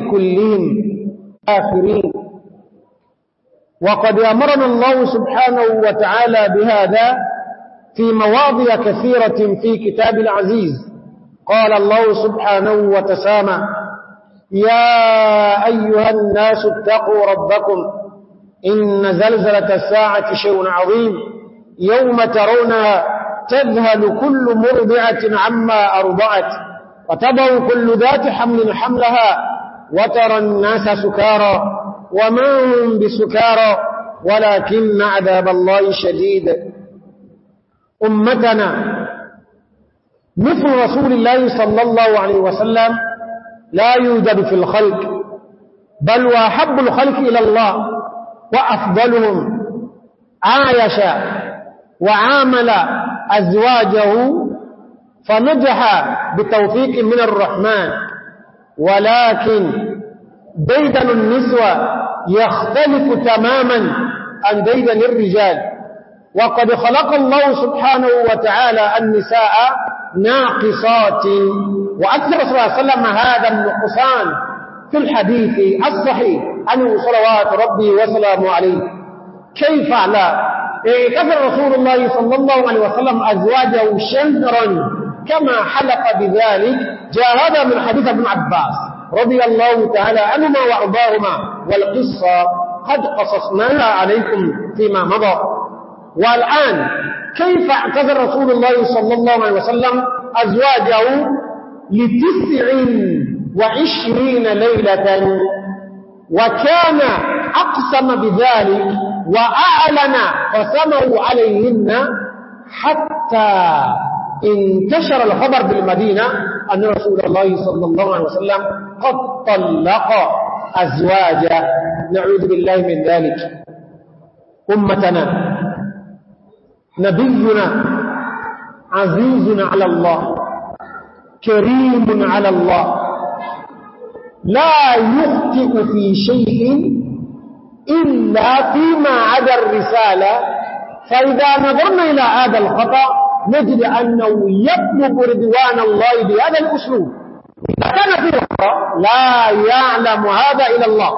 كلهم آخرين وقد أمرنا الله سبحانه وتعالى بهذا في مواضع كثيرة في كتاب العزيز قال الله سبحانه وتسامى يا أيها الناس اتقوا ربكم إن زلزلة الساعة شيء عظيم يوم ترونها تذهل كل مرضعة عما أرضعت وتضع كل ذات حمل حملها وترى الناس سكارى وما هم بسكارى ولكن عذاب الله شديد أمتنا مثل رسول الله صلى الله عليه وسلم لا يوجد في الخلق بل وأحب الخلق إلى الله وأفضلهم عايش وعامل أزواجه فنجح بتوفيق من الرحمن ولكن ديدن النسوة يختلف تماما عن ديدن الرجال وقد خلق الله سبحانه وتعالى النساء ناقصات وأكثر صلى الله عليه وسلم هذا النقصان في الحديث الصحيح عنه صلوات ربي وسلامه عليه كيف على كفر رسول الله صلى الله عليه وسلم أزواجه شنرا كما حلق بذلك جاء هذا من حديث ابن عباس رضي الله تعالى عنهما وأرضاهما والقصة قد قصصناها عليكم فيما مضى والآن كيف اعتذر رسول الله صلى الله عليه وسلم أزواجه لتسع وعشرين ليلة وكان أقسم بذلك وأعلن قسمه عليهن حتى انتشر الخبر بالمدينة أن رسول الله صلى الله عليه وسلم قد طلق أزواجا نعوذ بالله من ذلك أمتنا نبينا عزيز على الله كريم على الله لا يخطئ في شيء إلا فيما عدا الرسالة فإذا نظرنا إلى هذا الخطأ نجد أنه يطلب رضوان الله بهذا الأسلوب إذا كان في لا يعلم هذا إلا الله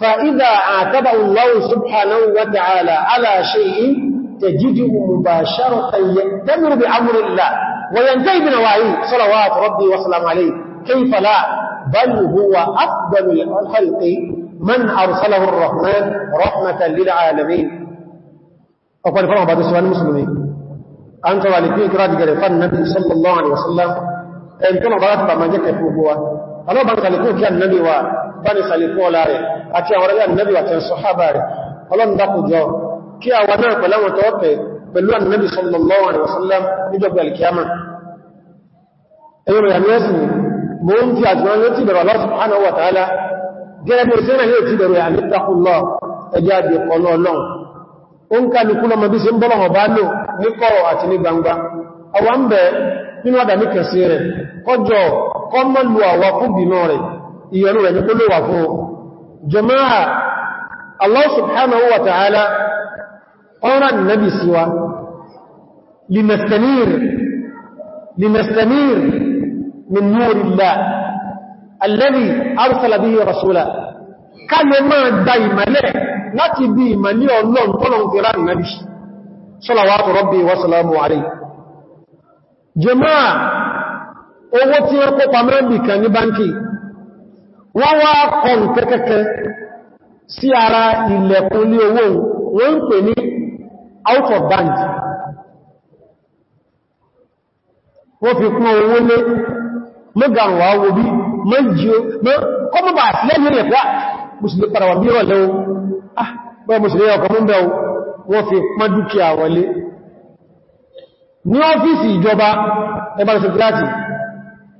فإذا عاتب الله سبحانه وتعالى على شيء تجده مباشرة يأتمر بأمر الله وينتهي بنواهيه صلوات ربي وسلام عليه كيف لا بل هو أفضل الخلق من أرسله الرحمن رحمة للعالمين أقول فرحة بعد سؤال المسلمين an tọrọ alifin kira digare fan nabi sallallahu alaihi wasallam ẹn tọrọ bá ta ma jẹ́ kẹfù buwa alọ́bà ní salikun kí annabi wa bá ní salikun ọlá rẹ̀ àti àwọn rẹ̀ annabi wa tẹ̀sọ hábà rẹ̀ ọlọ́n dákùjọ kí àwọn náà pẹ̀láwọn tọ́ọ̀tẹ̀ pẹ̀lú annabi sallallahu alaihi wasallam níjọba alkiyama ẹ̀yọ́ rẹ̀ amẹ́sìn mo ń fi àjọ yóò ti bẹ̀rọ lọ́sùn hánà wà tààlà gẹ́gẹ́ bí ó sẹ́rẹ̀ yóò ti bẹ̀rọ àmì dákùnlọ́ ẹjá bí ọlọ́ọ̀lọ́ọ̀ ń kálukú lọ mọ̀bí sí ń bọ́lọ̀ ọba lò ní kọ̀rọ̀ àti ní gbangba ọwà ń bẹ̀ nínú àdàmí kẹsí rẹ̀ kọjọ kọmọlù àwà fún bìnà rẹ̀ ìyọnú rẹ̀ ní kó lówà fún jama'a Allah subhanahu wa ta'ala ọ̀rọ̀ nabi siwa limastanir limastanir min nurillah alladhi arsala bihi rasulahu ká lè máa gba ìmọ̀lẹ̀ láti bí ìmọ̀lẹ̀ ọlọ́run tọ́lọ̀un fi rá ìnábi ṣọ́làwátò rọ́bí wasalamu alayhi jẹmáà owó tí wọ́n kó pàmọ́ ní báńkì wọ́n wá kọ̀n kẹ́kẹ́kẹ́ sí ara ilẹ̀kùn owó wọ́n pè ní out of bank wọ́n fi kún owó lé mọ́gàrùn-ún wá wo bí mọ́ kọ́mọ́bà lẹ́yìn musulmi padà wà bí rọ̀lẹ́ o ah bẹ́ẹ̀ musulmi ọkọ̀ mún bẹ́ o wọ́n fi pán dúkìá wọlé ní ọ́fíìsì ìjọba ẹbára sẹ̀kìláti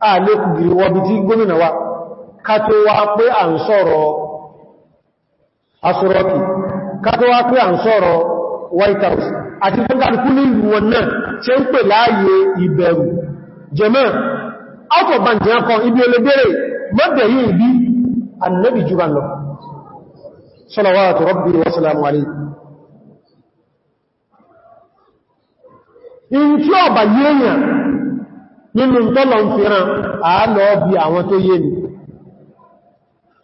àlékùgìrì wọ́bí tí wa kátó wá pé à ń sọ̀rọ̀ asọ́rọ̀kì kátó wá pé à ń sọ̀rọ̀ White House àti pẹ́kàlùkú ní ìlú wọn out of bank jẹ́ kan ibi olóbẹ̀rẹ̀ mọ́bẹ̀ yìí bí annabi jùgbà lọ صلوات ربي وسلام عليه in tí ó bá yíyàn nínú tọ́lọ ń fi ràn àálọ́ bí àwọn tó yé ni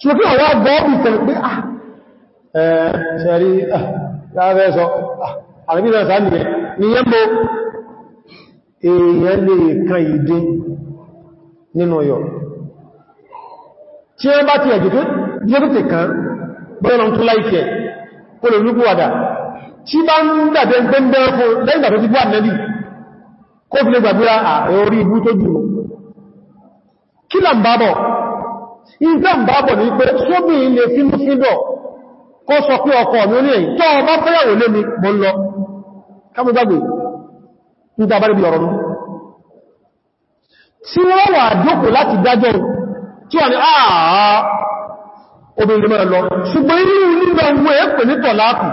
ṣòkí ọ̀wọ́ gọ́ọ̀bì tẹ̀lẹ̀ pé à ṣẹ̀rí láàrẹ́ sọ àrẹ́bìnà sáàlìyàn ni yẹ́ mọ́ èèyàn kan ìdí nínú ọyọ̀ tí ẹ bá ti ẹ̀jẹ̀ tó jẹ́ bọ́ọ̀lọ́n tó láìkẹ̀ olùrúgbùwàdà tí bá ń dàbẹ̀ gbẹ́gbẹ́rẹ́ fún lẹ́gbà tó ti bú ànẹ́bì kó fi lè gbàgbúra àorí ibú tó jù kí là ń bábọ̀ ìgbà ń bábọ̀ ní pé sóbì ilé fínúfíndọ̀ kó sọ pé ọkọ mi ní èyí tọ́ ọba fẹ́yàwó lé mi mọ́ lọ kámúgbàgbé nígbà tí wọ́n wà jókòó láti dájọ́ tí wọ́n ni àà obìnrin máa lọ ṣùgbọ́n inú nígbà owó ẹ̀pẹ̀ ní tọ̀láàkù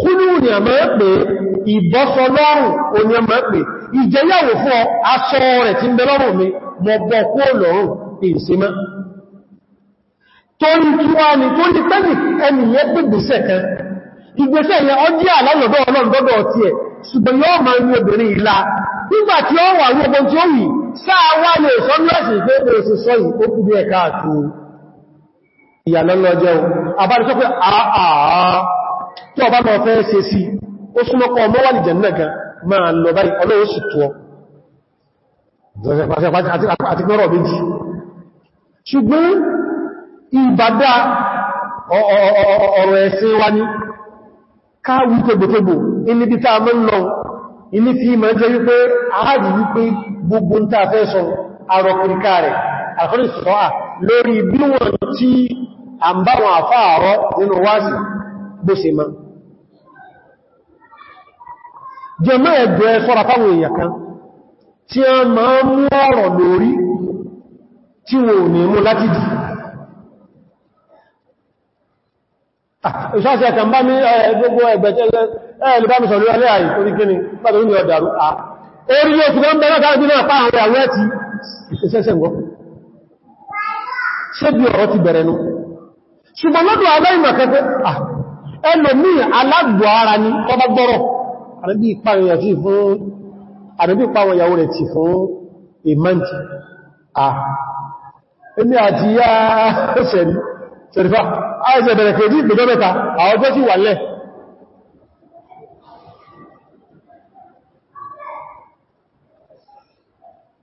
kúrú ní àmà ẹ̀pẹ̀ ìbọ́sọlọ́rùn oní àmà ẹ̀pẹ̀ ìjẹyàwó fún aṣọ rẹ̀ tí ń bẹ lọ́rùn mi mọ̀ ni tó ní pẹ́lú ẹniyẹ gbẹ̀gbẹ̀sẹ̀ kan ìgbẹ̀sẹ̀ yẹn ọ jẹ́ àlálọ̀dọ́ ọlọ́ndọ́dọ̀ ti ẹ̀ ṣùgbọ́n yóò máa ní obìnrin ìlà nígbà tí ó wà ní ọgbọ́n tí ó yìí sáà wá ní ìsọ́nlọ́sì ìgbẹ́gbẹ̀ òṣìṣọ́ yìí bí ẹ̀ká àtúrú ìyànlọ́lọ́ jẹ́ o àbárí sọ pé àà tó ọba máa fẹ́ ṣe sí ó súnmọ́kọ́ ọmọ wà ní jẹ̀nà gan máa lọ báyìí ọlọ́run sì tó àti pẹ́rọ méjì ṣùgbọ́n ìbádá ọ̀rọ̀ ẹ̀sìn wa ní káàwí tẹgbòtẹgbò ilé bí táa mọ́ lọ ilé fi mọ́ jẹ́ wípé ààrì wípé gbogbo ń tàà sọ àrọ̀kùnrin káà rẹ̀ sọ́à lórí bí wọ́n tí àmbáwọn àfáàrọ nínú wáṣì bó ṣe máa ẹgbẹ́ fáwọn èèyàn kan tí a máa mú ọ̀rọ̀ lórí tí wọ́n ní mú láti dì ìṣáṣẹ́ ẹ̀kàn bá ní gbogbo ẹgbẹ̀ ẹ̀lùbámisọ̀lú alẹ́ àyí torí gíní ṣùgbọ́n lọ́dọ̀ aláìmọ̀kẹ́kẹ́ ẹlòmí alágbò ara ni ọba gbọ́rọ̀ àrẹ́bí ìpàwọn ìyàwó rẹ̀ ti fún ìmọ́ntì à ẹni àti yá ṣẹ̀rí ṣẹ̀rífà àìsẹ̀ bẹ̀rẹ̀ kèjì ìgbẹ̀jọ́ mẹ́ta àwọn tó sì wà lẹ́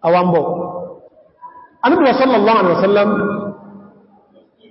àwọn bọ̀.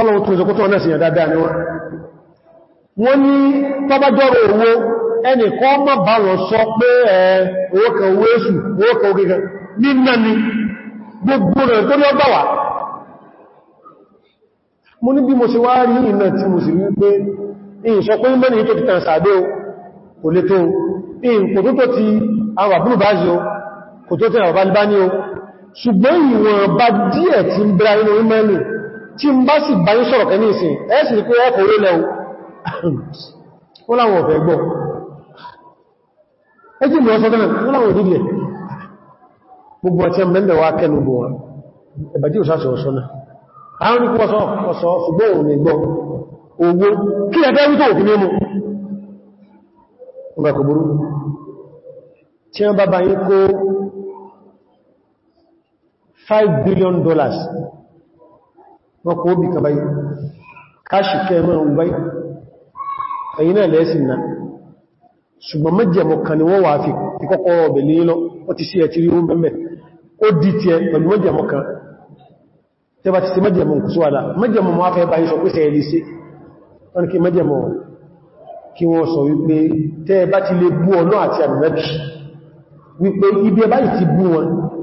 kọ́lọ̀wọ́ tó zọkútọ̀ náà síyàn dáadáa ni wọ́n wọ́n ní tọ́bájọ́rọ̀ owó ẹni kọ́ mọ́ bá wọ́n sọ pé ẹ owó kan owó èṣù owó kan ogigẹ nínà ni gbogbo rẹ̀ tó ní ọgbà wà mo ní bí mo ṣe wá rí iná tí mo sì wípé ìṣọ́ pé mẹ́ni tó ti tàn sàdé o kò lè tó ìǹkò tó tó ti ṣùgbọ́n ìwọ̀n bá díẹ̀ tí ń bẹ́ra inú mẹ́lì tí ń bá sì báyí sọ̀rọ̀ kẹ́ ní ìsìn ẹ́sì ní pé ọkọ̀ orí lẹ́wọ́ ó láwọn ọ̀fẹ́ gbọ́ ẹjí mọ̀ sọ́tọ́nà ó láwọn òdílẹ̀ gbogbo ọ̀tí ẹmẹ́lẹ̀ wá kẹ́nu gbọ́ wọn ẹ̀bàjí ò sáṣọ ọ̀ṣọ́nà àwọn ikú ọ̀sọ́ ọ̀sọ́ ṣùgbọ́n òun ní gbọ́ owó kí ẹgbẹ́ wító òfin mímú ọgbà kò burú tí wọ́n bá bá yí kó 5 billion dollars wọ́n kó bí kàbáyí káṣì kẹmọ̀rún báyí ẹ̀yìn náà lẹ́ẹ̀sìn náà ṣùgbọ́n mẹ́jẹ̀mọ̀ kan ni wọ́n wà fi kọ́kọ́ ọ̀bẹ̀ ní lọ ó ti sí ẹ̀ ti rí oún mẹ́mẹ́ ó dì tí ẹ pẹ̀lú mẹ́jẹ̀mọ̀ kan tẹ́ bá ti sí mẹ́jẹ̀mọ̀ kù síwádà mẹ́jẹ̀mọ̀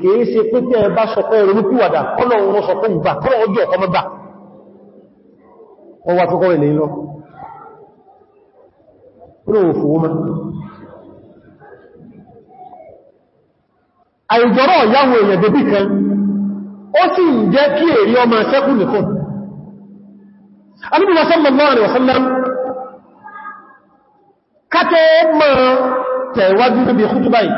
kìí ṣe pé tẹ́ ẹ bá sọpẹ́ ronúkúwàdà kọ́lọ̀wọ́ sọpẹ́ ìgbà kọ́lọ̀ ọjọ́ ọkọ̀ mẹ́bà ọwà tó kọ́ ilẹ̀ ìlọ àìjọ́rọ̀ ìyáwó èèyàn débì kan ó sì ń jẹ́ kí èrí ọmọ ṣẹ́kù nìkan alúbùwà sallallahu alaihi wasallam kátẹ́ mọ́ tẹ̀wájú níbi khutbah yìí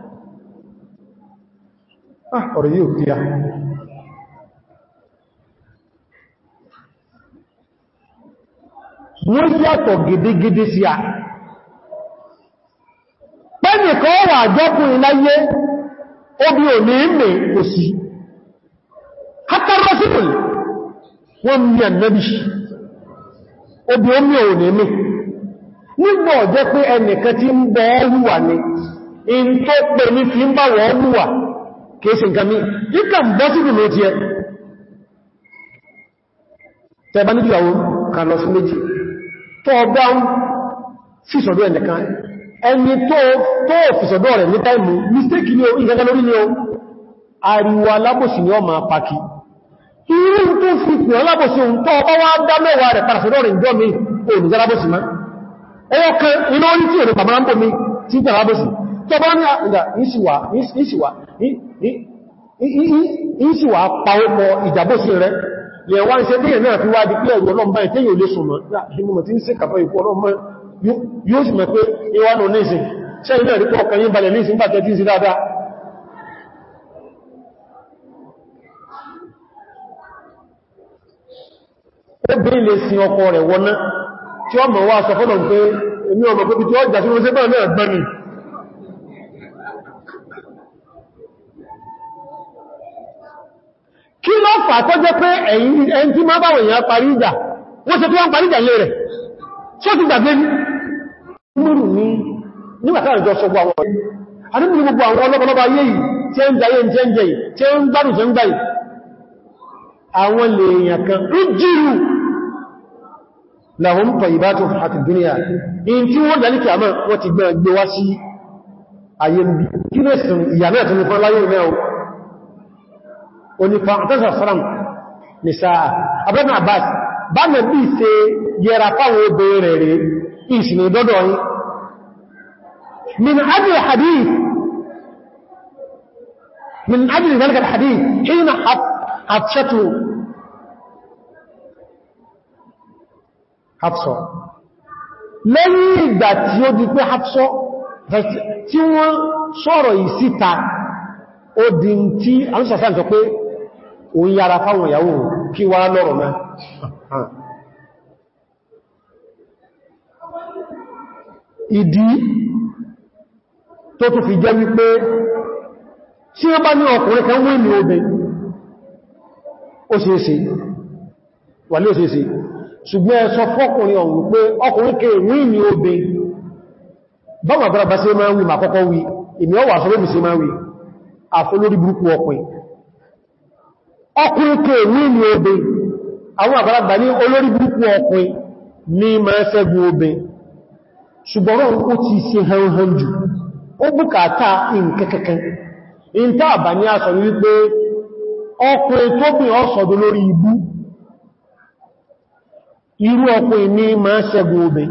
ọ̀rọ̀ yóò kí a wọ́n yàtọ̀ gidigidi sí a pẹ́nìkan wà jọ́kùn iláyé obi ò ní mẹ́ kò sí hátàrà sípùl wọ́n mẹ́ nẹ́bí obi ó mẹ́ ò ní mẹ́ nígbọ̀ jẹ́ pé ẹnìkan tí ń bọ́ ni in tó ní fi ń bá wọ́n kéèsì nǹkan mí kíkà ń bọ́ sínú ló ti ẹ tẹba níbi àwọn kàlọ̀ sí méjì tó ọgbá ń fìsọ̀dọ̀ ẹnìkan ẹni tó fìsọ̀dọ̀ rẹ̀ ní táìmù mistake ni o ìgagá lórí ni o ariwo alábòsí ni ọ ma pàkì irú tó fi pè alábòsí ohun tó ọba wá dá mẹ́wàá rẹ̀ parasọ̀dọ̀ rẹ̀ ìjọ mi ò ní alábòsí má ọwọ́ kan iná ìsì wà pa ọmọ ìjàbóṣe rẹ̀ lè wá ń ṣe bí ẹ̀nà fi wá di pé ẹ̀rù ọlọ́mbà ìtẹ́ yóò lè sọmọ̀ ìmọ̀ tí ń sí kàfẹ́ ìpọ̀ ọlọ́mọ yóò sì mọ̀ pé ìwánà oníṣìn ṣe ilẹ̀ rí pọ̀ kanyí balẹ̀ ní ìsìn pàtẹ́ tí ń sí dáadáa obìnrin lè sin ọkọ rẹ̀ wọná tí ọmọ wá sọ fọ́nà pé èmi ọmọ pé bí tí ó jà sí oúnjẹ bẹ́ẹ̀ fà tó jẹ́ pé ẹ̀yìn tí máa báwọn èèyàn parí ìjà wọ́n ṣe tó wọ́n parí ìjà lé rẹ̀ tí ó ti gbàgbé ní múrù ní nígbàtà ìjọ sọ gbogbo àwọn àdúgbò gbogbo àwọn ọlọ́pọ̀lọpọ̀ ayé yìí tí ó ń jayé tí ó ń jẹ tí ó ń gbádùn tí ó ń gbáyì àwọn lèèyàn kan ríjìrù lahum tayyibatu àti dúníà in tí wọ́n dalí kìí àmọ́ wọ́n ti gbẹ̀rẹ̀ gbé wá sí ayé bí kí oní fàntẹ́sà sọ́rọ̀ ní sáà abẹ́nà abbas bá mẹ́ bí ṣe yẹra fáwọn obìnrin rẹ̀ rẹ̀ ìṣìnà ìdọ́dọ̀ yìí min ajil hadith min ajil zalika alhadith hina hafshatu hafsọ lẹ́yìn ìgbà tí ó di pé hafsọ tí wọ́n sọ̀rọ̀ ìsíta ó di tí alúsàsá ń sọ pé o ń yára fáwọn ìyàwó kí wá lọ́rọ̀ mẹ́ ìdí tó tó fi jẹ́ wípé tí ó bá ní ọkùnrin kan wé ní obè ó sì èsì wà ní ó sì èsì ṣùgbọ́n ẹ fọ́kùnrin ọ̀hún pé ọkùnrin kẹ wé ní obè báwọn àbúrà bá sí máa wí mà kọ́kọ́ wí ìmì ọwà sọ lóbi sí máa wí àfólórí burúkú ọkùnrin ọkùnrin nínú obin àwọn àgbàlagbà ní olórí burúkú ọkùnrin ní ma ṣẹ́gun obin ṣùgbọ́n ó ti ṣe hanhan jù ó bùkátà ìǹkẹ́kẹ́kẹ́ in tá àbà ní aṣọ wípé ọkùnrin tó bí ọ́sọ̀dọ̀ lórí ibú irú ọkùnrin ní ma ṣẹ́gun obin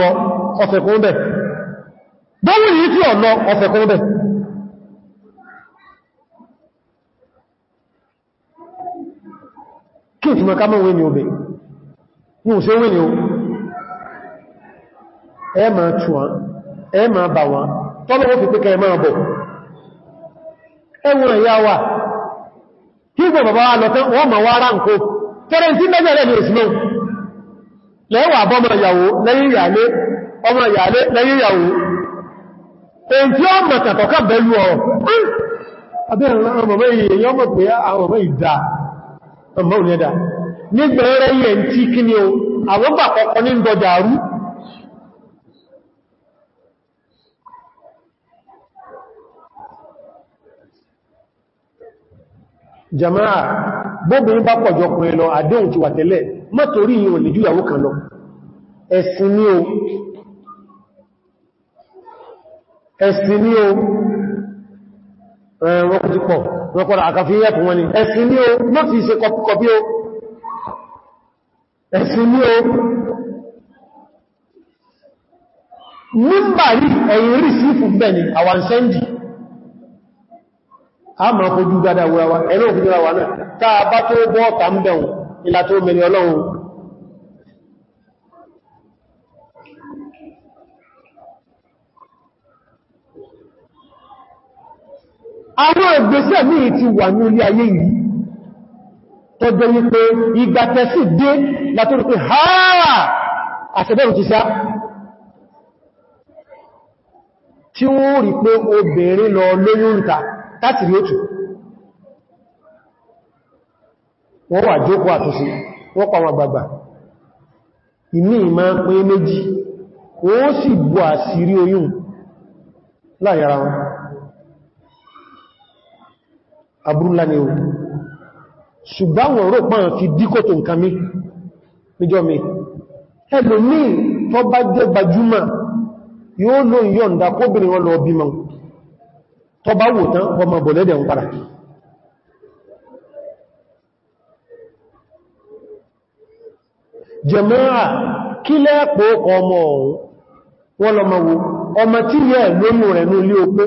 lọ ọ̀fẹ̀kún bẹ̀ bọ́wọ́ yìí tí ọ̀nà ọ̀fẹ̀kún bẹ̀ kí n túnmọ̀ ká mọ́ obè o ẹ máa tù wọn ẹ máa bà wọn tọ́lọ́ ó fi pé kẹ máa bọ̀ ẹwùn ẹ̀yà wà kí gbọ̀ bàbá wa wọ́n ma wá ránkó tẹ́rẹ tí mẹ́jẹ̀ rẹ̀ ní lẹ́wà ọmọ ìyàlé lẹ́yìn ìyàwó èyí tí ó mọ̀ tàtọ̀ká bẹ̀lú ọ̀rọ̀ abẹ́rẹ̀ àwọn ọmọ ìyẹ̀yọ́ nígbẹ̀rẹ̀ kí ni o àwọn ní àdéhùn ti wà tẹ́lẹ̀ lè kan lọ ẹ̀sìn o ẹ̀sìn ní o wọ́n kò ti pọ̀ wọ́n kọ́ra àkàfíyẹ́ fún wọn ni ẹ̀sìn ní o ṣe kọpí o ẹ̀sìn nígbàrí ẹ̀yìn rí sí fún bẹ́ẹ̀ ni àwọn sẹ́ndì a máa kojú gádà wúrawa ẹ̀lọ́ òfin ìrawa náà tàà bá tó bọ́ ọ̀tà ń bẹ̀rún àwọn ìgbésẹ̀ ní ti wà ní orí ayé yìí tó jẹ́ dee ìgbàtẹ̀sí dé látorí pé hàárà àṣẹ́bẹ̀rù ti sá tí ó rí pé obìnrin lọ lóyún ìta láti rí òtù wọ́n wà jókòó àtúnṣe wọ́n pa wọn gbàgbà ìmí ìmá pé méjì ó sì bú àṣírí oyún wọn abúrúlá ni o ṣùgbọ́n rò pọ́n fi díkò tó nǹkan mi níjọ́ mi ẹlò ní tó bá jẹ́ gbajúmọ̀ yóò ló ń yọ ǹdà kóbìnrin wọn lọ bímọ tó bá wò tán ọmọ bọ̀lẹ́dẹ̀ ń padà jẹ̀mọ́ra kí lẹ́ẹ̀pọ̀ ọmọ ọ̀hún wọ́n lọ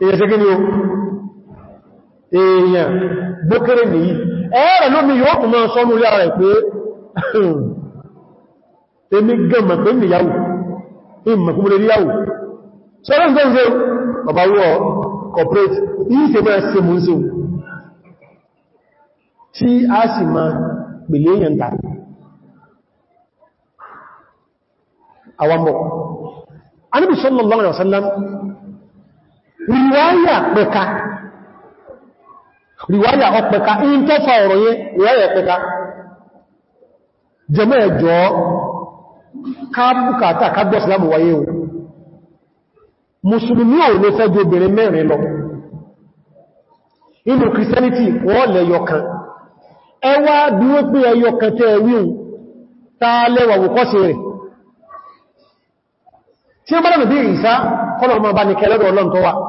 èyẹ sí gíní o èèyàn gbókèrè nìyí ẹ̀rẹ̀ lómi yóò kùnmọ́ sọ́nú ilé ara pé èmi gẹ̀mọ̀ pé nìyàwó ìmọ̀kúnmọ̀lẹ̀ níyàwó sọ́rọ̀ǹsọ́ǹsọ́ bàbá wọ́ corporate ìṣẹ́ bẹ́ẹ̀ sí mú sí tí a sì ma pèlè èèyàn tà àwọn mọ̀ anábì sallallahu alaihi wasallam ríwáyà pẹ̀ka ríwáyà ọpẹ̀ka in tó fa ọ̀rọ̀ yẹ ríwáyà pẹ̀ka jẹmọ́ ẹjọ́ káàbùkátà kágbọ́sìlámù wáyé o mùsùlùmí ò ló fẹ́ jẹ́ obìnrin mẹ́rin lọ inú christianity wọ́n yọkan ẹwà bí wọ́n pé ẹyọkan tẹ́ wíhùn tàà lẹ́wà rẹ̀ tí ó bá lọ́nà bí kọ́lọ̀ ọmọ bá ní kẹlẹ́rọ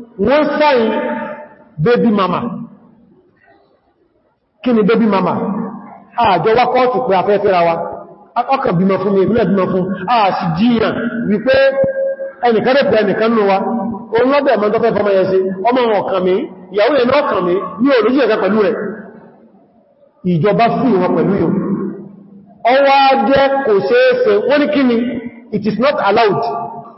wọ́n sáyìn baby mama kí ni baby mama àjọ wá kọ́ọ̀tù pé afẹ́fẹ́ wa ọkàn bímọ fún mi ìbílẹ̀ bímọ fún a jíyàn wípé ẹnìkan rẹ̀ ẹnìkan nù wa òun lọ́bẹ̀ ọmọ ìyàwó yẹn ìjọba fún it is not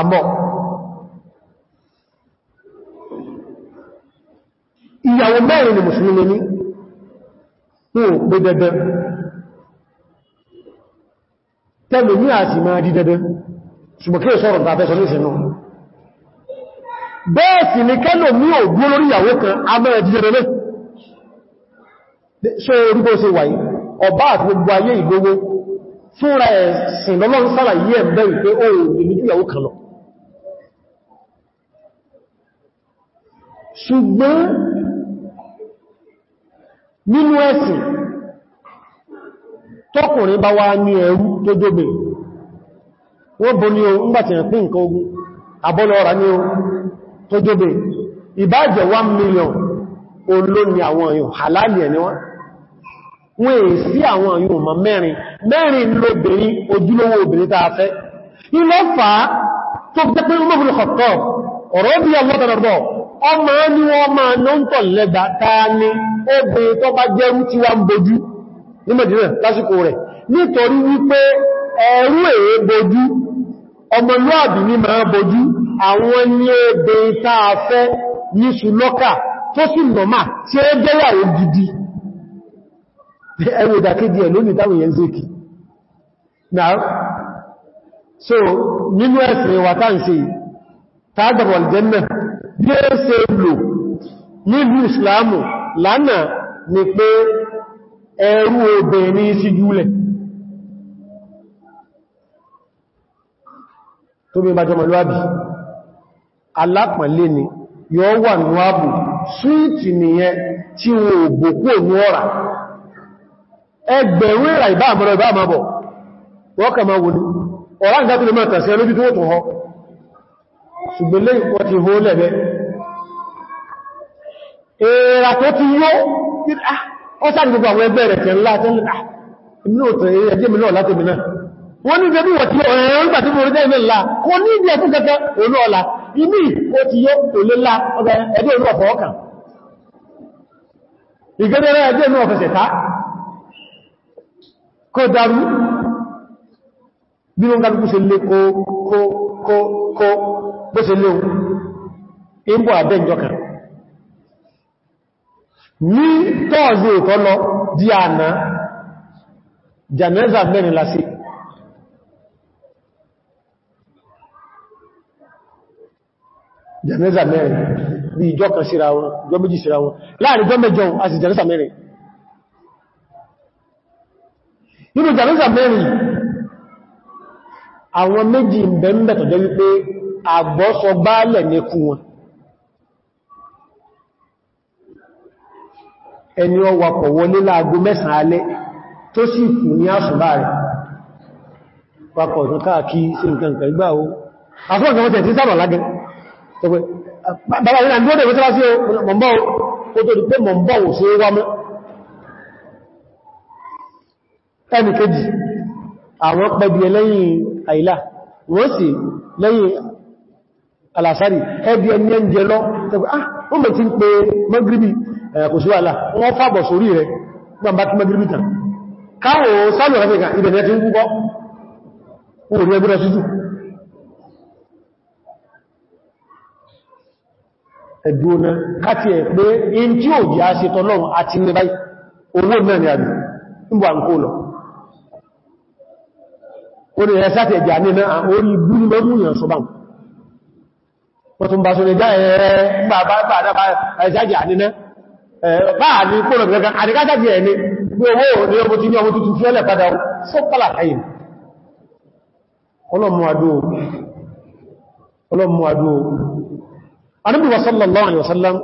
àbọ̀ ìyàwó mẹ́rin ni mùsùlùmí ní wọn ò pé dẹ́dẹ́ tẹ́lù ní àti máa di dẹ́dẹ́ ṣùgbọ́n kí sọ́rọ̀ tàà fẹ́ ní ìṣẹ̀nà bẹ́ẹ̀ sì ni kẹ́lù ní ò gbó lórí ìyàwó kan amẹ́rẹ̀ di dẹ́dẹ́ ṣe orí bó ṣe wáyé ọba àti gbogbo ayé ìgbogbo fúnra ẹ̀sìn lọ́lọ́run sára ṣùgbọ́n nínú ẹ̀sìn tọ́kùnrin bá wá ní ẹrú tó jóbe wọ́n bó ní o ńgbàtí ẹ̀ pín nǹkan ogun àbọ́lọ ọ̀rà ní o tó jóbe ìbájẹ̀ 1 million olóni àwọn èèyàn halali ẹni wọ́n wọ́n èè sí àwọn èèyàn mọ̀ mẹ́rin mẹ́rin lóbìnrin ojúlówó obìnrin tàà fẹ́ ilọ́fà tó gbẹ́pẹ́ ọmọ ọ̀rọ̀ bí ọlọ́tọ̀lọ́gbọ̀ ọmọ ní wọ́n máa ná lẹ́gbà ní obìnrin tó bá jẹ́rú tí wá ń bojú ní lásìkò rẹ̀ nítorí wípé ẹ̀rú èé bojú ọmọlúàbí ní máa bojú àwọn ní obìnrin táa fẹ́ ní ṣùlọ́kà tó sì tí ó bí ó ṣe lò nílùú ìsìláàmù lánàá ni pé ẹrú obìnrin ní sí júlẹ̀ tó bí bájọmọlúwàbí alápàálé ni yọ wà níwábù súìtì nìyẹn tí wọn ò gbòkú òmú ọ̀rà ẹgbẹ̀rún ìrà ìbá àmọ́rọ̀ ìbá àmọ́bọ̀ wọ́n kà máa wòlú ọ̀rá ìgbàtí lè mẹ́ta sí ẹlójú tó wò tó họ ṣùgbẹ́lẹ́ ìpọ̀ ti hó lẹ́bẹ̀ẹ́ èèrà tó ti yó ah, ọ́sàdì gbogbo àwọn ẹgbẹ́ rẹ̀ tẹ̀lá ah, tẹ́lá ìmìnàtọ̀ ẹjẹ́ mi náà láti mìíràn wọ́n ní ìgbẹ́bí wọ̀ tí ọ̀rẹ́rẹ́ nígbà tí mo rí jẹ́ ńlá kò ní ìdí ẹ̀kún kẹta olú ọ̀la ìmí ó ti yó òlélá ẹgbẹ́ olú ọ̀fọ̀ ọkàn ìgẹ́gẹ́rẹ́ ẹgbẹ́ olú ọ̀fẹ̀sẹ̀ tá kó darú bí wọ́n gbogbo ṣe lé kó kó kó bó ṣe léwu ìbò àbẹ́ ìjọ ní tọ́ọ̀zí ìtọ́ lọ di àná jàmẹ́zà mẹ́rin lásì jàmẹ́zà mẹ́rin bí ìjọ kan síra wọn ìjọ méjì síra wọn láàrin jọ mẹ́jọ àti jàmẹ́zà mẹ́rin nínú jàmẹ́zà mẹ́rin àwọn méjì ìbẹ̀m̀bẹ̀ tọ̀jọ́ wípé àgbọ́sọ báálẹ̀ ní kú wọn ẹni ọ wapọ̀ wọlé láago mẹ́sàn alẹ́ tó sì kù ní àṣùbá rẹ̀ papọ̀ ìtàn káàkí sí nǹkan nǹkan igbá o afọ́nkan mọ́tẹ̀ tí sábà lágẹ́ tọ́gbẹ́ bàbá ìrìnà ní ọdẹ̀ mọ́tẹ́lá sí mọ̀mbọ́ o tó di pé mọ̀mbọ́ ò sí wá mọ́ ẹni kejì àwọn pẹ̀bí lẹ́yìn àìlà ah ó mẹ́ ti ń pe mọ́gíríbì kò sí wàhálà wọ́n fàbọ̀ sórí rẹ̀ gbọ́n bá ti mọ́gíríbì tàn káwò sálọ̀ rẹ̀fẹ́gà ibẹ̀rẹ̀ ti ń gúgbọ́ orí ẹgbẹ́rẹ̀ síjú ẹ̀dùnà káti ẹ̀ pé in tí ò jẹ́ aṣetọ́ lọ́run àti ní báyìí owó náà ni àbí ń bọ̀ àǹkó lọ orí ẹ̀ sáti ẹ̀jà ó tún bá sọ lè jáyẹ bàbá bàbá ẹ̀ṣájà nínú báà ní kóòrò gẹ̀gẹ̀ àdíkájájì ẹni bí owó ní ọmọ tí ní ọmọ tuntun fẹ́lẹ̀ padà fọ́pàlà káyìn ọlọ́mù adó Ànábì sallallahu alaihi wasallam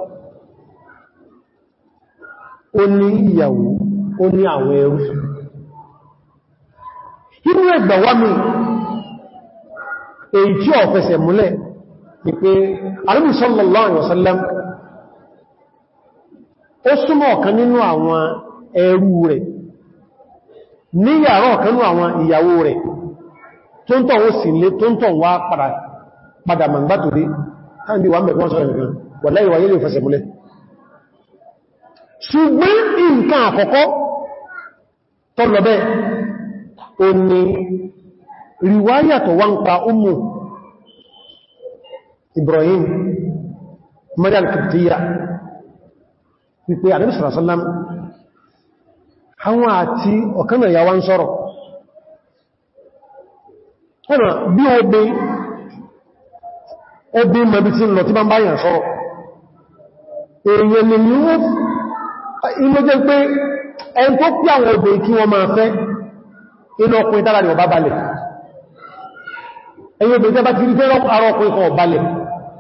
ó ní ìyàwó ó ní àwọn ẹrú inú ẹgbàwámi èyí tí ó fẹsẹ̀ múlẹ̀ ni pé Ànábì sallallahu alaihi wasallam ó súnmọ́ ọ̀kan nínú àwọn ẹrú rẹ̀ ní yàrá ọ̀kan nínú àwọn ìyàwó rẹ̀ tó ń tọ̀wọ́ sí ilé tó ń tọ̀ wá padà màgbà tó dé tàbí wà ń pa Ibrahim Maryam Kìtìyà wípé Ànábì sàrásánlám àwọn àti ọ̀kan ìyàwó ń sọ́rọ̀ ẹ̀nà bí obin obin mẹ́bí tí lọ tí bá ń báyàn sọ́rọ̀ èèyàn ni ní ó inú jẹ́ pé ẹn tó pí àwọn obin kí wọ́n máa fẹ́ inú ọkùnrin tára ni ọba balẹ̀ ẹ̀yìn obin tẹ́ bá ti rí fẹ́ rọ́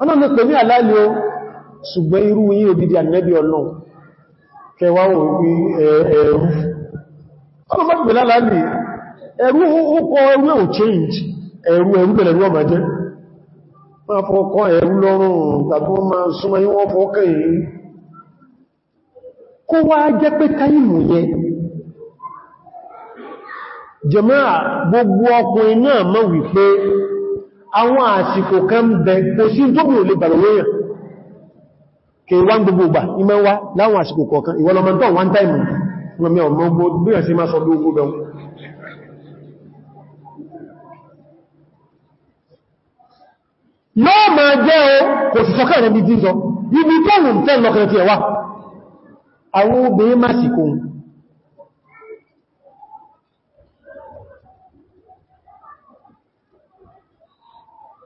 ọlọ́run pè ní àláàlì o ṣùgbọ́n irú yí òdìdí ànẹ́bí ọlọ́run kẹwàá òwú ẹ̀rú ọlọ́run pè láàlì change ọmọ jẹ́ máa fọ́kọ́ ẹ̀rú lọ́rùn gbogbo ọkùnrin náà wípé àwọn àsìkò kan bẹ kò sí tóbi ò lè bàrọ̀wéyàn kè wá gbogbo gbà ìmẹ́ wá láwọn àsìkò kọ̀ọ̀kan ìwọlọmọ̀tọ́ one time ọmọ ọmọ ọgbọ́ bíyàn sí máa sọ bí ogbó bẹ̀rún lọ́ọ̀ máa jẹ́ o kò sì sọ́kẹ́ rẹ̀ bí díjọ ibi tó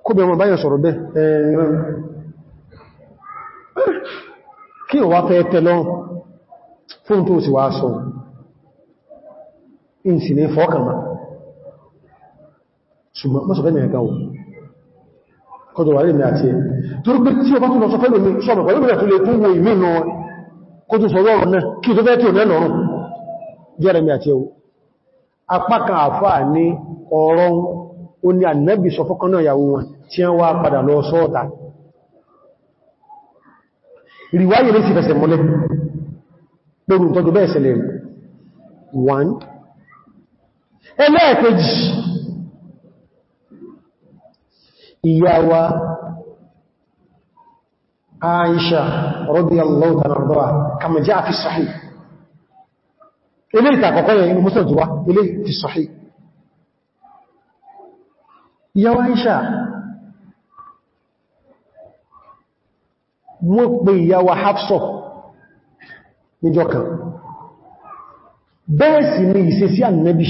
kó bẹ ọmọ báyàn sọ̀rọ̀ bẹ́ kí o wá fẹ́ tẹ́lọ fún tó sì wá sọ in sì ní fọ́kànmá ṣùgbọ́n mọ́sọ̀ fẹ́ mẹ́rin gáwò kọjọ wà lèmì àti ẹ̀ torí pé tí o bá tún lọ sọ fẹ́ lómi sọ́mọ̀ pẹ̀lú ìrẹ̀ tó lè tún wo ìmì ó ní ànẹ́bì sọ fọ́kànnà ìyàwó wọn tí wọ́n wá padà lọ sọ́ọ̀ta ìrìwáyé lè sì fẹsẹ̀ mọ́lẹ̀ lórí ìtọ́jú bẹ́ẹ̀ sẹlẹ̀ one ẹlẹ́ẹ̀kejì ìyá wa Aisha radiyallahu ta'ala kama jaa fi sahih ilé ìtàkọ̀kọ́ wọ́n pe ìyàwó Hafsọ níjọ́ bẹ́ẹ̀ sì ni ìṣesí Ànábì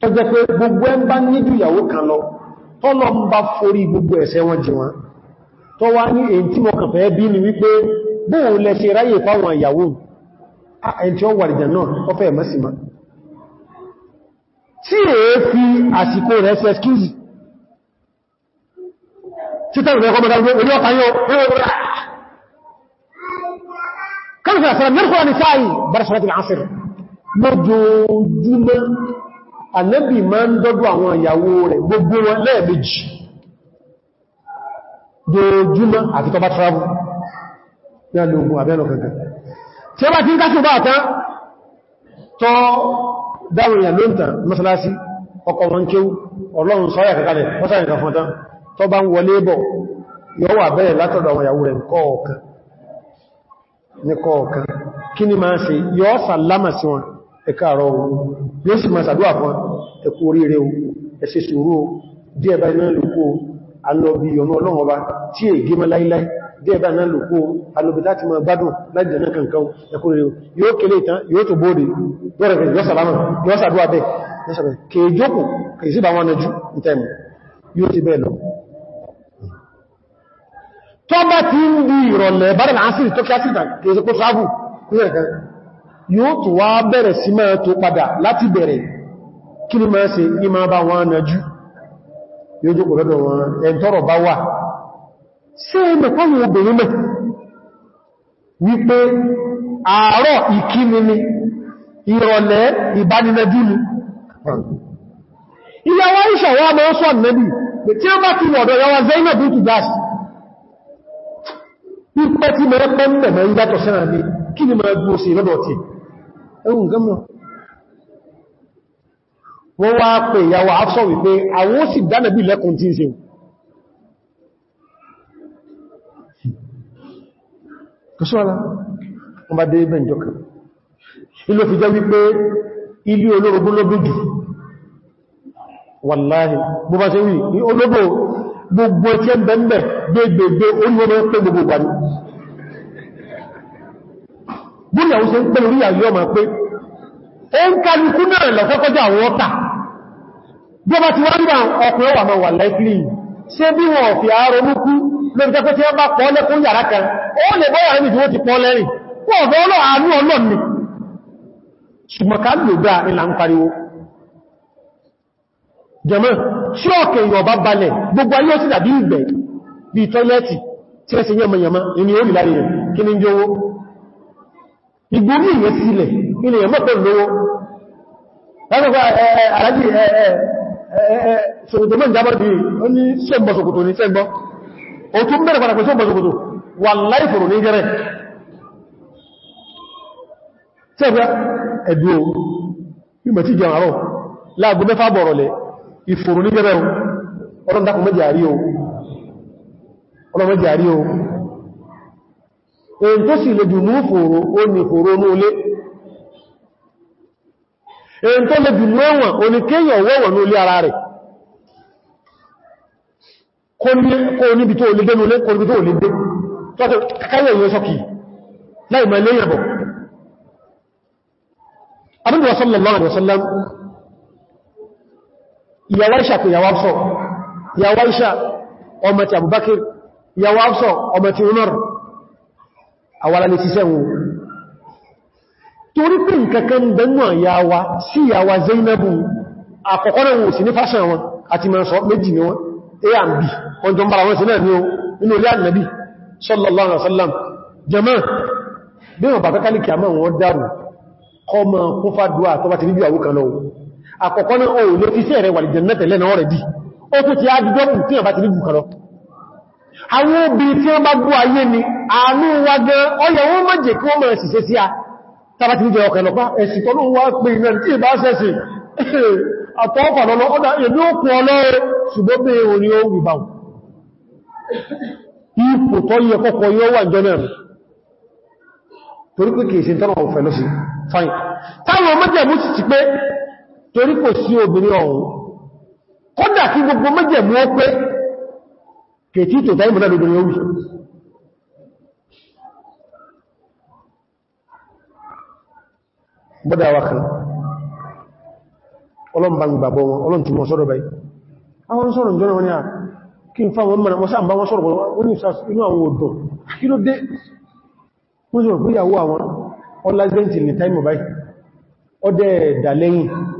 tó jẹ́ pé gbogbo ẹn bá níjú ìyàwó kan lọ tó ń bá forí gbogbo ẹsẹ wọn jì wọn tó wá ní èyí tí mo fẹ́ bí ni wípé bóò tí títẹ̀rù rẹ̀ kọmọ̀dá orí ọ̀pá yóò rúrúrá kọmọ̀dá sọ̀rọ̀ mẹ́rùkúrò ní sáàyì bẹ̀rẹ̀sọ̀rọ̀tì àṣírí lójoojúmọ́ Ànábì máa ń dọ́dọ̀ àwọn ìyàwó rẹ̀ gbogbo wọn lẹ́ẹ̀mejì lójoojúmọ́ àti tọba travel ní alógún abẹ́lọ kankan tí ó bá ti ń kásù bá àtán tọ́ dáwọn ìyà lóǹtàn mọ́sálásí ọkọ̀ wọn kéwú tó bá ń wọlé bọ̀ yóò wà bẹ́ẹ̀ látọ̀dọ̀ àwọn ìyàwó rẹ̀ nìkọ̀ọ̀kan kí ni máa ṣe yóò sàlámà sí wọn ẹ̀kàrọ̀ ohun yóò sì máa sàdúwà fún ẹkù oríire ẹ̀ṣẹ̀ sùúrù díẹ̀ bá iná lòkó alọ́bí ọ̀nà ọlọ́run ọba tí è gé mọ́ láíláí díẹ̀ bá iná lòkó alọ́bí láti máa gbádùn yóò kéré ìtàn yóò tó bá ti ń bí ìrọ̀lẹ̀ bára lásìrì tó kíá síta kéèsè kó sáàbù yóò tó wá bẹ̀rẹ̀ sí máa tó padà láti bẹ̀rẹ̀ kí ni máa ṣe ní máa bá wọn nájú yóò jókò lọ́dọ̀ wọn ẹ̀ntọ́rọ̀ bá wà sí mẹ́kànlẹ̀ obìnrin mẹ́ wípé àárọ̀ tí a bá ti wọ̀dọ̀ yọwọ́ Zainab bùtù gáàsì pípẹ́ tí mẹ́rẹ́ pẹ́ mẹ́mẹ́ yàtọ̀ sẹ́rà ní kí ni mẹ́rẹ́ gbọ́ sí lọ́dọ̀ tí ẹ̀rùn gẹ́mọ̀ wọ́n wá pè ìyàwó afsọ́ wípé àwọn sì dánàbí lẹ́kùn tí ń se kọsọ́lá wọ́n bá dé ibẹ̀ ìjọkà ilé fi jẹ́ wípé ilé olórogún lóbìdì wàláhì bó bá ṣe wí olóbò gbogbo tí ń bẹ̀m̀bẹ̀ gbogbo be onye gbogbo wà ní búnyàwó se ń pẹ́ lórí àyíọ́ ma pé ó ń kálukú náà lọ kọ́kọ́jọ́ àwọn ọ́ta bá ti nígbà ọkùnrin wà máa wà ṣe bí wọn ka. ọ̀fẹ́ jẹmọ́ tí ọ̀kẹ̀ ìrọ̀bá balẹ̀ gbogbo ayé ó sì dàbí ìgbẹ̀ bí tọ́lẹ́tì tí ẹ ṣe yẹmọ̀yẹmọ́ inú orí lárí rẹ̀ kí ní jówó ìgbórí ìyẹ́ sílẹ̀ ilẹ̀ yẹmọ́ pẹ̀lú lówó láàgbọ́ mẹ́fà bọ̀rọ̀lẹ̀ ìfòrò ní gẹ́rẹ̀ ọlọ́dàkùn mẹ́jàrí o ọlọ́mẹ́jàrí o èyí tó sì lè dùnú fòrò ó ní fòrò ní olé èyí tó lè dùnú ẹ̀wọ̀n ó ní kéyàn wọ́wọ̀ ní olé ara rẹ̀ kó níbi tó olé dénú olé kó níbi tó olé dé tọ́tọ̀ káyẹ̀ yóò sọ́kì láì mẹ́lẹ́yàbọ̀ ìyàwó Aisha kò yàwó Hafsa ìyàwó Aisha ọmọ ti Abubakar ìyàwó Hafsa ọmọ ti Umar àwàlá lè ṣiṣẹ́ wọn torí pé nkankan gbẹ̀nù àyàwá sí ìyàwó Zainabu àkọ́kọ́rọ̀ wọn sí ní fásán wọn àti mọ̀ sọ méjì ni wọn a and b wọn jọ ń bára wọn sí náà ní o nínú ilé Ànábì sallallahu alaihi wasallam jama àkọ́kọ́ ní ohun ló fi sí ẹ̀rẹ̀ wàlì jẹ̀mẹ́tẹ̀ na ọrịa dị ó tó ti ágbẹ́gbùn tí bá ti rí bùkọ̀rọ̀ àwọn obì tí wọ́n bá bú ayé ni àánú wa gan ọyọ̀ wọ́n má jẹ́ kí wọ́n mọ̀ ẹ̀sì sí a torí pé kìí ṣe lọ́sí fine táwọn sì ti torí kò sí obìnrin ọ̀hún kódà kí gbogbo méjèmú ó pé kètí tó táìmù náà lóbìnrin orí bọ́dá wa kan ọlọ́mbàmìgbàgbọ́ wọn ọlọ́ntí wọn sọ́rọ̀ báyìí àwọn sọ́rọ̀ ìjọ́nà wọn ni à kí n fáwọn mọ́ra wọ́n sáàmbá wọn sọ́rọ̀ wọn ní inú àwọn odò kí ló dé wọ́n sọ̀rọ̀ pé ìyàwó àwọn ọlá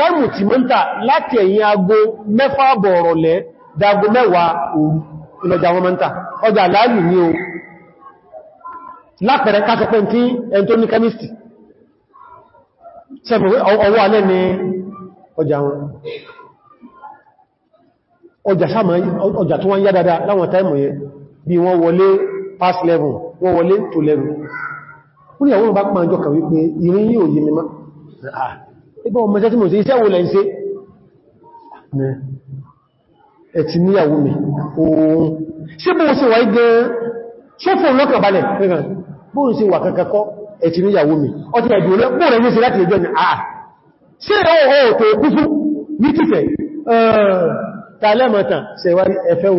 táìmù tí mọ́ láti ẹ̀yìn aago mẹ́fà bọ̀ọ̀rọ̀ lẹ́ mẹ́wàá òru wọn mọ́ ọjà láàrù ní o lápẹ̀rẹ̀ kásẹ̀pẹ̀ tí ẹn tó ní kẹ́mìsì ọwọ́ alẹ́ ni ọjà wọn ọjà ya dada láwọn wọlé level wọlé to level ipò ọmọ tí mo ṣe iṣẹ́ wo lẹ́ ń ṣe ẹ̀tì níyàwó mi oòrùn ṣe bóò ṣe wà igán ṣófò lọ́kànbalẹ̀ bóò ṣe wà kankankọ́ ẹ̀tì níyàwó mi ọtí ẹ̀dùn bóò rẹ̀ ní ṣe láti ẹjọ́ ni àà ṣe ọ̀họ̀ tó kú fún ní tìfẹ̀ tààlẹ́mọ̀tàn ṣẹ̀wárí ẹ̀fẹ́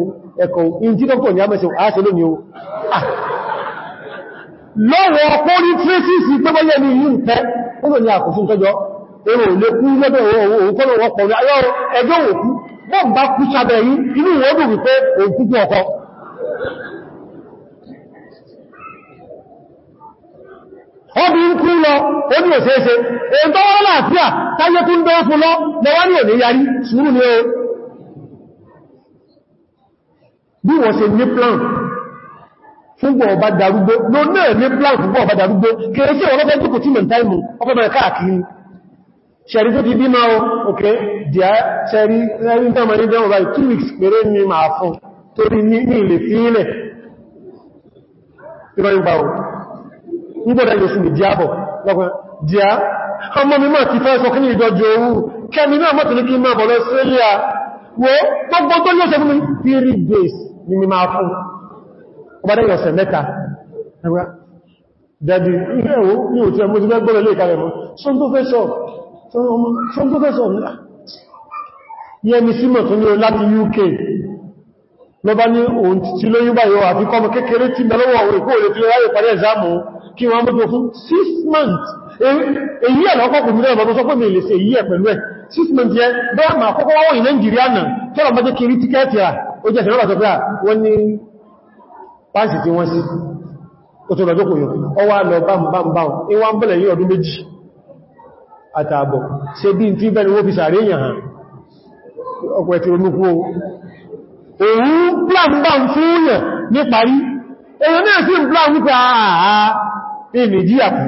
ẹ̀kọ̀ in tí dọ́kọ̀ ní a mẹ́sẹ̀ àáṣẹ lónìí o lọ́wọ́ ọpọ́ ní tracy sí pẹ́bọ́lẹ́ ní ìlú ìfẹ́ ó lò ní àkùsùn tọ́jọ́ èrò lè kú lọ́dọ̀ òun kọ́lọ̀ wọ́pọ̀ ní ayọ́ ẹjọ́ òkú bọ́n bá kú sábẹ̀ yìí inú wọ́n dùn wípé òkú kú ọkọ ọdí ń kú lọ ó ní òṣèṣe èyí tó wọ́n láàáfíà táyé tó ń dọ́wọ́ fún lọ lọ́wọ́ ní òní yarí sùúrù ní o bí wọ́n ṣe ní plan fúngbọ̀ ọba darúgbó ló náà ní plan fúngbọ̀ ọba darúgbó kèrèsí ọlọ́gbẹ́ tó kò tí mẹ́ntáìmù ọpẹ́bẹ̀rẹ̀ káàkiri ṣẹ̀rí tó ti bí máa òkè díẹ̀ ṣẹ̀rí ẹ̀rí tó mọ̀ ní dẹ́wọ̀ báyìí two weeks péré ní máa fún torí ní ilé fílẹ̀ ìrọ̀yìnbà ò ń gbọ́dọ̀ yóò sùn díẹ̀ bọ̀ lọ́gbọ́n díẹ̀ ọmọ mi máa ti fẹ́ sọ kí ní ìdọ́jú owó kẹmi náà mọ́ tìlú kí máa bọ̀ lọ́sílẹ̀ wo gbogbo tó yóò ṣe fún mi three days ni mi máa fún ọbádẹ́ yọ̀sẹ̀ mẹ́ta dẹ̀dì ìrẹ́wó ní òtí ẹmọ́ ti fẹ́ gbọ́rẹ̀ lé ìkàrẹ̀ mọ́ sún tó fẹ́ sọ ṣe tó fẹ́sọ̀ yẹmi símọ̀ tó ní o láti UK lọ bá ní òun ti lóyún báyìí wà fi kọmọ kékeré tí mẹ́lọ́wọ́ àwọn èkó olè tí ó ráyè parí ẹ̀zámù kí wọ́n mọ́ tó fún 6 months èyí ẹ̀ lọ́kọ̀kùn mílẹ̀ ọmọdún sọ pé mi lè ṣe èyí ẹ̀ pẹ̀lú ẹ̀ 6 months yẹ dọ́ọ̀mà àkọ́kọ́ wọ́n ì Nàìjíríà náà tọ́rọ mọ́jẹ́ kiri tíkẹ́ẹ̀tì à ó jẹ́ ìṣẹ́lọ́bà sọ pé à wọ́n ní páàsì tí wọ́n sí ó tó lọ́jọ́ kò yọ ọwá lọ bámbámbá ìwọ̀n bẹ̀lẹ̀ yí ọdún méjì àtààbọ̀ ṣe bí n tí bẹ́ni wó fi sàárè èyàn hàn ọkọ̀ ẹ̀tì olúkú òun plan bá ń fún yàn ní parí èyàn náà sí plan wípé àà ní nìjíyà kù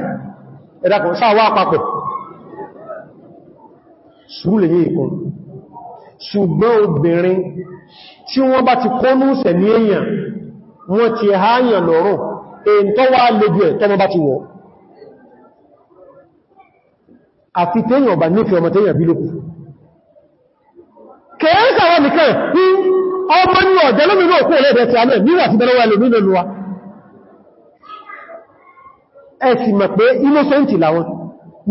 ẹ̀dàkùn sáwọ́ àpapọ̀ ṣúlẹ̀ yìí kan ṣùgbọ́n obìnrin tí wọ́n bá ti kọ́nú ní èyàn wọ́n ti háyàn lọ́rùn èyàn tó wá tọ́mọ bá ti wọ́n àfi téèyàn ọba nífẹ̀ẹ́ ọmọ téèyàn bí lókù kẹ́ẹ́sàwọ́ nìkan ní ọmọ ní ọ̀jẹ́ lómìnà òkú olóòdẹ̀ ti alẹ́ níwà ti bẹ̀rẹ̀ wà lómi lónú wa ẹ sì mọ̀ pé innocenti làwọn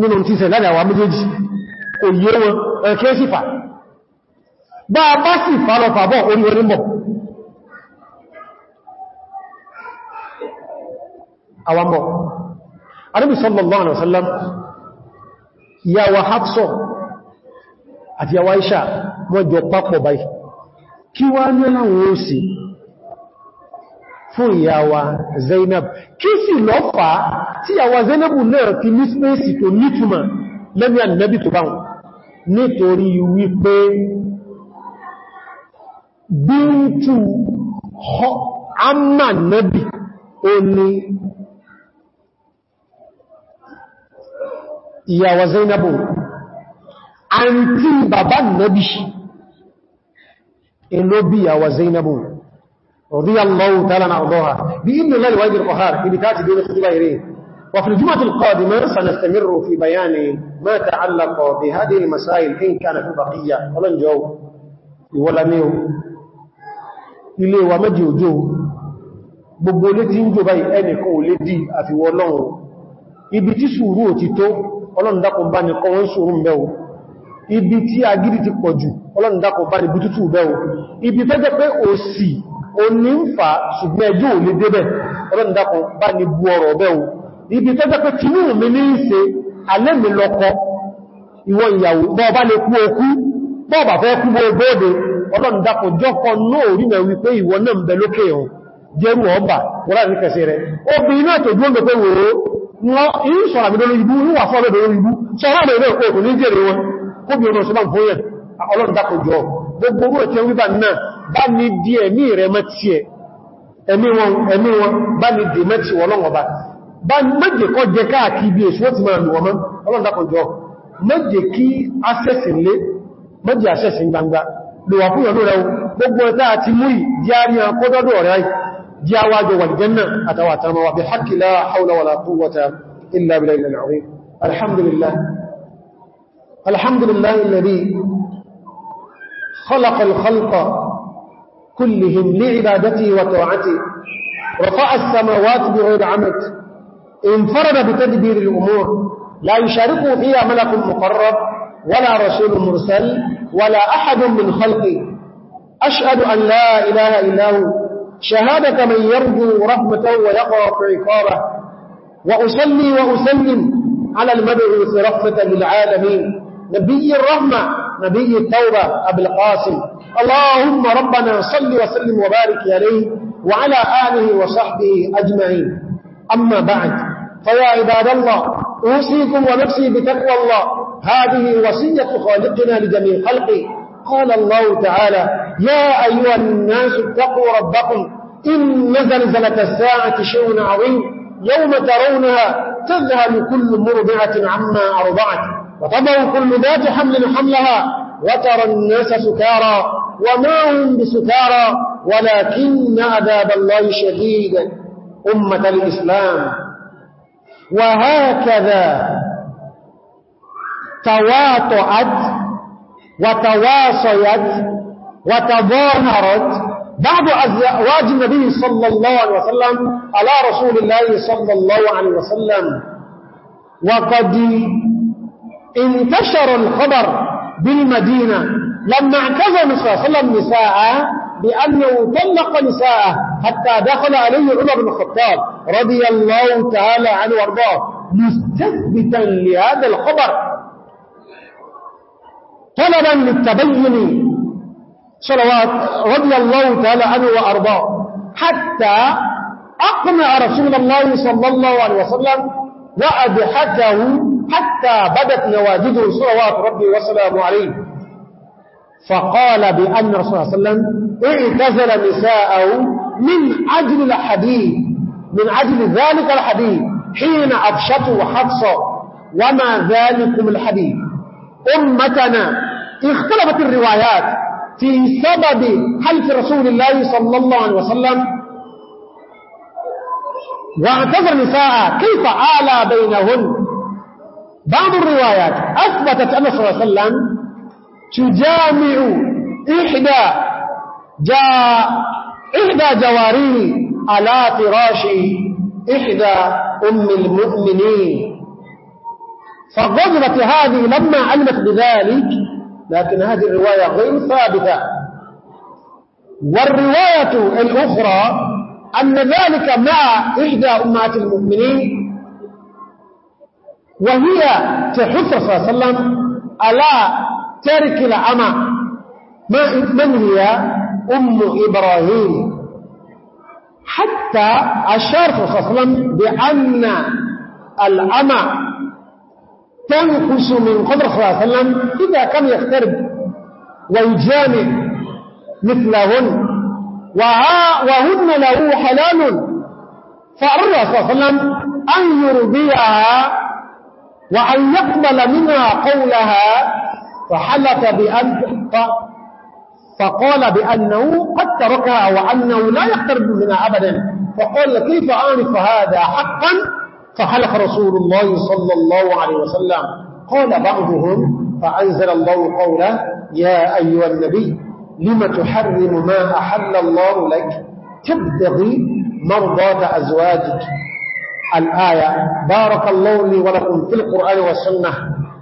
nínú ti sẹ̀ láàrin àwọn méjèèjì kò yé wọn ẹ̀kẹ́ sì fà bá a bá sì fà lọ fà bọ́ orí orí mọ̀ àwọn mọ̀ Ànábì sallallahu alaihi wasallam ìyàwó Hafsa àti ìyàwó Aisha wọ́n jọ papọ̀ báyìí kí wá ní láwọn ó sì fún ìyàwó Zainab kí sì lọ fà á tí ìyàwó Zainab náà fi ní spéèsì tó nítumà lẹ́bí ànìyàn tó báwọn nítorí wípé bíntù amma nabi ó ní ìyàwó Zainabu àǹtí bàbá nàbí inú bí ìyàwó Zainabu radiyallahu ta'ala anha بإذن الله الواجب القهار ببتات دين الخطبة إليه وفي الجمعة القادمة سنستمر في بيان ما تعلق بهذه المسائل إن كان في بقية ولن جو ولا ميو إليه ومجي وجوه gbogbo létí ń jò báyìí ẹnìkan ò lé dí àfiwọ́ lọ́rùn ibi tí sùúrù òtítọ́ ọlọ́ndakùn bá ní kọwọ́n ṣòrún bẹ́wò ibi tí agídí ti pọ̀ jù ọlọ́ndakùn bá ní bútútù bẹ́wò ibi tó jẹ́ pé òsì òní ń fa ṣùgbọ́n ẹjọ́ ò lè débẹ̀ ọlọ́ndakùn bá ní bú ọrọ̀ bẹ́wò ibi tó jẹ́ pé tinú mi ní í ṣe alẹ́ mi lọ́kọ ìwọ ìyàwó bọ́ bá lè kú jẹ́rù ọba wọ́n láti kẹsẹ̀ rẹ̀ obìnrin náà tó dúró lọ pé wòó wọ́n ń sọ̀rọ̀ àgbẹ̀dọ̀ lórí ibú níwà fún ọ̀bẹ̀dọ̀ lórí ibú sọ̀rọ̀ àgbẹ̀dọ̀ òkò ní jèrè wọn kó bí ọdún ṣọ́bá fún yẹn ọlọ́run dákòjọ́ gbogbo orú ẹ̀kẹ́ wíbà náà bá ní di ẹ̀mí rẹ̀ mẹ́tí ẹ̀ ẹ̀mí wọn ẹ̀mí wọn bá ní di mẹ́tí wọ́n lọ́wọ́ bá bá méje kọ́ jẹ káàkiri bí èṣù ti máa gbogbo ẹ̀ta àti mú jẹ́ àríyàn kọ́dọ́dọ̀ rẹ̀ jẹ́ والجنة wàljanna àtàwàtàmà wà bí haqqi la hawla wala quwwata illa العظيم الحمد لله الحمد لله الذي خلق الخلق كلهم لعبادته وتوعته رفع السماوات بغير عمد انفرد بتدبير الأمور لا يشاركه فيها ملك مقرب ولا رسول مرسل ولا أحد من خلقه أشهد أن لا إله إلا هو شهادة من يرجو رحمته في عقابه وأصلي وأسلم على المبعوث رحمة للعالمين نبي الرحمة نبي التوبة أبو القاسم اللهم ربنا صل وسلم وبارك عليه وعلى آله وصحبه أجمعين أما بعد فيا عباد الله أوصيكم ونفسي بتقوى الله هذه وصية خالقنا لجميع خلقه قال الله تعالى يا أيها الناس اتقوا ربكم إن زلزلة الساعة شيء عظيم يوم ترونها تذهل كل مرضعة عما أرضعت وتضع كل ذات حمل حملها وترى الناس سكارى وما هم بسكارى ولكن عذاب الله شديد أمة الإسلام وهكذا تواطعت وتواصيت وتظاهرت بعض أزواج النبي صلى الله عليه وسلم على رسول الله صلى الله عليه وسلم وقد انتشر الخبر بالمدينة لما اعتزم صلى الله عليه وسلم نساء بأنه طلق نساءه حتى دخل عليه عمر بن الخطاب رضي الله تعالى عنه وارضاه مستثبتا لهذا الخبر طلبا للتبين صلوات رضي الله تعالى عنه وأرضاه حتى أقنع رسول الله صلى الله عليه وسلم وادحكه حتى بدت نواجده صلوات ربي وسلامه عليه فقال بأن رسول الله صلى الله عليه وسلم اعتزل نساءه من أجل الحديث من أجل ذلك الحديث حين أبشته حفصة وما ذلكم الحديث أمتنا اختلفت الروايات في سبب حلف رسول الله صلى الله عليه وسلم واعتذر نساء كيف آلى بينهن بعض الروايات أثبتت أن صلى الله عليه وسلم تجامع إحدى جاء إحدى جواريه على فراش إحدى أم المؤمنين فالظلمة هذه لما علمت بذلك لكن هذه الرواية غير ثابتة والرواية الأخرى أن ذلك مع إحدى أمهات المؤمنين وهي تحث صلى الله عليه وسلم على ترك العمى من هي أم إبراهيم حتى أشار صلى الله عليه وسلم بأن العمى تنقص من قدر صلى الله عليه وسلم إذا كان يخترب ويجامع مثلهن وهن له حلال فأرى صلى الله عليه وسلم أن يرضيها وأن يقبل منها قولها فحلف بأن فقال بأنه قد تركها وأنه لا يقترب منها أبدا فقال كيف أعرف هذا حقا فحلف رسول الله صلى الله عليه وسلم قال بعضهم فأنزل الله قوله يا أيها النبي لم تحرم ما أحل الله لك تبتغي مرضات أزواجك الآية بارك الله لي ولكم في القرآن والسنة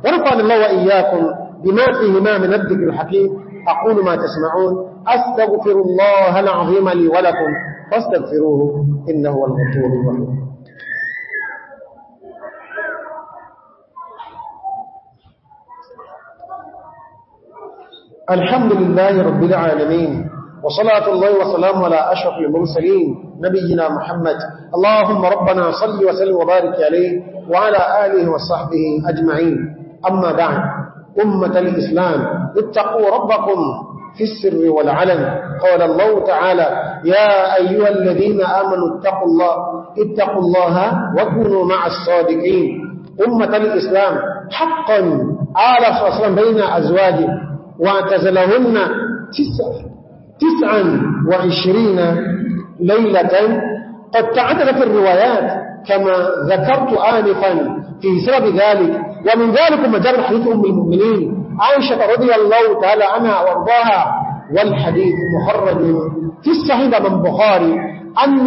ونفعل الله وإياكم بما فيهما من الذكر الحكيم أقول ما تسمعون أستغفر الله العظيم لي ولكم فاستغفروه إنه هو الغفور الرحيم الحمد لله رب العالمين وصلاة الله وسلام على أشرف المرسلين نبينا محمد اللهم ربنا صل وسلم وبارك عليه وعلى آله وصحبه أجمعين أما بعد أمة الإسلام اتقوا ربكم في السر والعلن قال الله تعالى يا أيها الذين آمنوا اتقوا الله اتقوا الله وكونوا مع الصادقين أمة الإسلام حقا آل صلى الله عليه وسلم بين أزواجه واعتزلهن تسعة تسعا وعشرين ليلة قد تعددت الروايات كما ذكرت آنفا في سبب ذلك ومن ذلك مجرد حديث أم المؤمنين عائشة رضي الله تعالى عنها وارضاها والحديث محرم في الصحيح من بخاري أن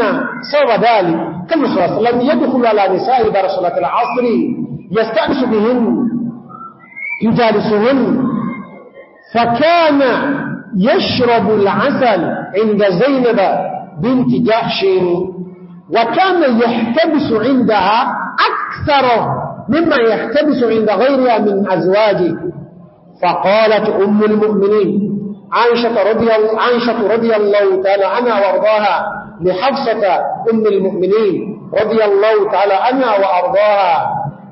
سبب ذلك كان صلى الله عليه وسلم يدخل على نساء برسولة صلاة العصر يستأنس بهن يجالسهن فكان يشرب العسل عند زينب بنت جحش وكان يحتبس عندها أكثر مما يحتبس عند غيرها من أزواجه فقالت أم المؤمنين عائشة رضي, رضي الله تعالى عنها وارضاها لحفصة أم المؤمنين رضي الله تعالى عنها وارضاها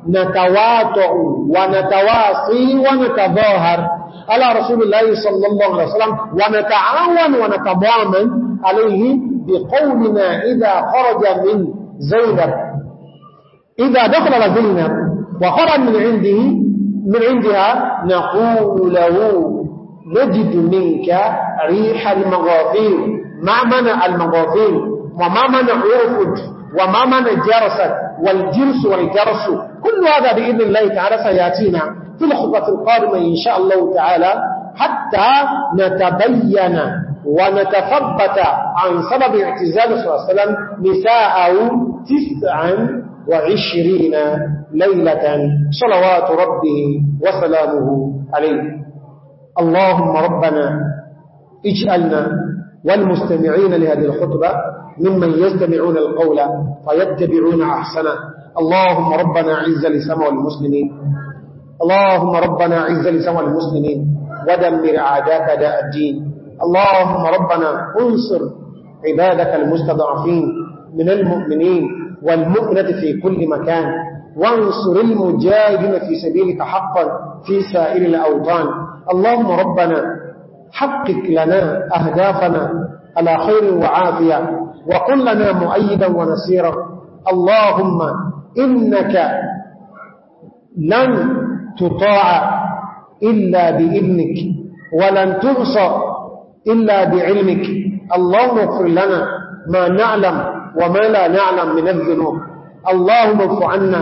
نتواطؤ ونتواصي ونتظاهر على رسول الله صلى الله عليه وسلم ونتعاون ونتضامن عليه بقولنا إذا خرج من زينب إذا دخل زينب وخرج من عنده من عندها نقول له نجد منك ريح المغافير ما منع المغافير وما منع يرفج وما منع جرسك والجنس والجرس كل هذا بإذن الله تعالى سيأتينا في الخطبة القادمة إن شاء الله تعالى حتى نتبين ونتثبت عن سبب اعتزال صلى الله عليه وسلم نساءه تسعا وعشرين ليلة صلوات ربه وسلامه عليه اللهم ربنا اجعلنا والمستمعين لهذه الخطبة ممن يستمعون القول فيتبعون أحسنه اللهم ربنا عز لسمع المسلمين اللهم ربنا عز لسمع المسلمين ودمر عادات داء الدين اللهم ربنا انصر عبادك المستضعفين من المؤمنين والمؤمنة في كل مكان وانصر المجاهدين في سبيلك حقا في سائر الأوطان اللهم ربنا حقق لنا أهدافنا على خير وعافية وقل لنا مؤيدا ونسيرا اللهم إنك لن تطاع إلا بإذنك ولن تبصى إلا بعلمك اللهم اغفر لنا ما نعلم وما لا نعلم من الذنوب اللهم اغفر عنا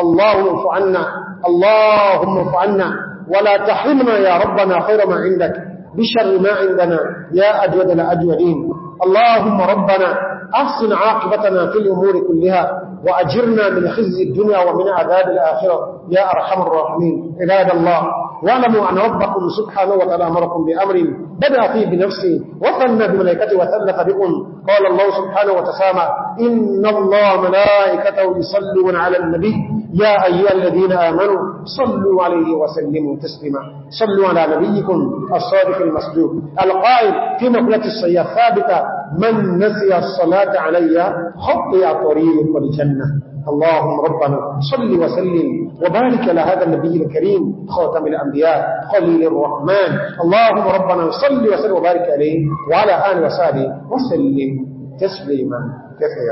اللهم اغفر عنا اللهم اغفر عنا ولا تحرمنا يا ربنا خير ما عندك بشر ما عندنا يا أجود الأجودين اللهم ربنا أحسن عاقبتنا في الأمور كلها وأجرنا من خزي الدنيا ومن عذاب الآخرة يا أرحم الراحمين عباد الله واعلموا أن ربكم سبحانه وتعالى أمركم بأمر بدأ فيه بنفسه وثنى بملائكته وثلث بكم قال الله سبحانه وتسامى إن الله ملائكته يصلون على النبي يا أيها الذين آمنوا صلوا عليه وسلموا تسلما صلوا على نبيكم الصادق المصدوق القائل في مقلة الصيحة الثابتة من نسي الصلاة علي خطي طريق الجنة اللهم ربنا صل وسلم وبارك على هذا النبي الكريم خاتم الأنبياء خليل الرحمن اللهم ربنا صل وسلم وبارك عليه وعلى آله وصحبه وسلم تسليما كثيرا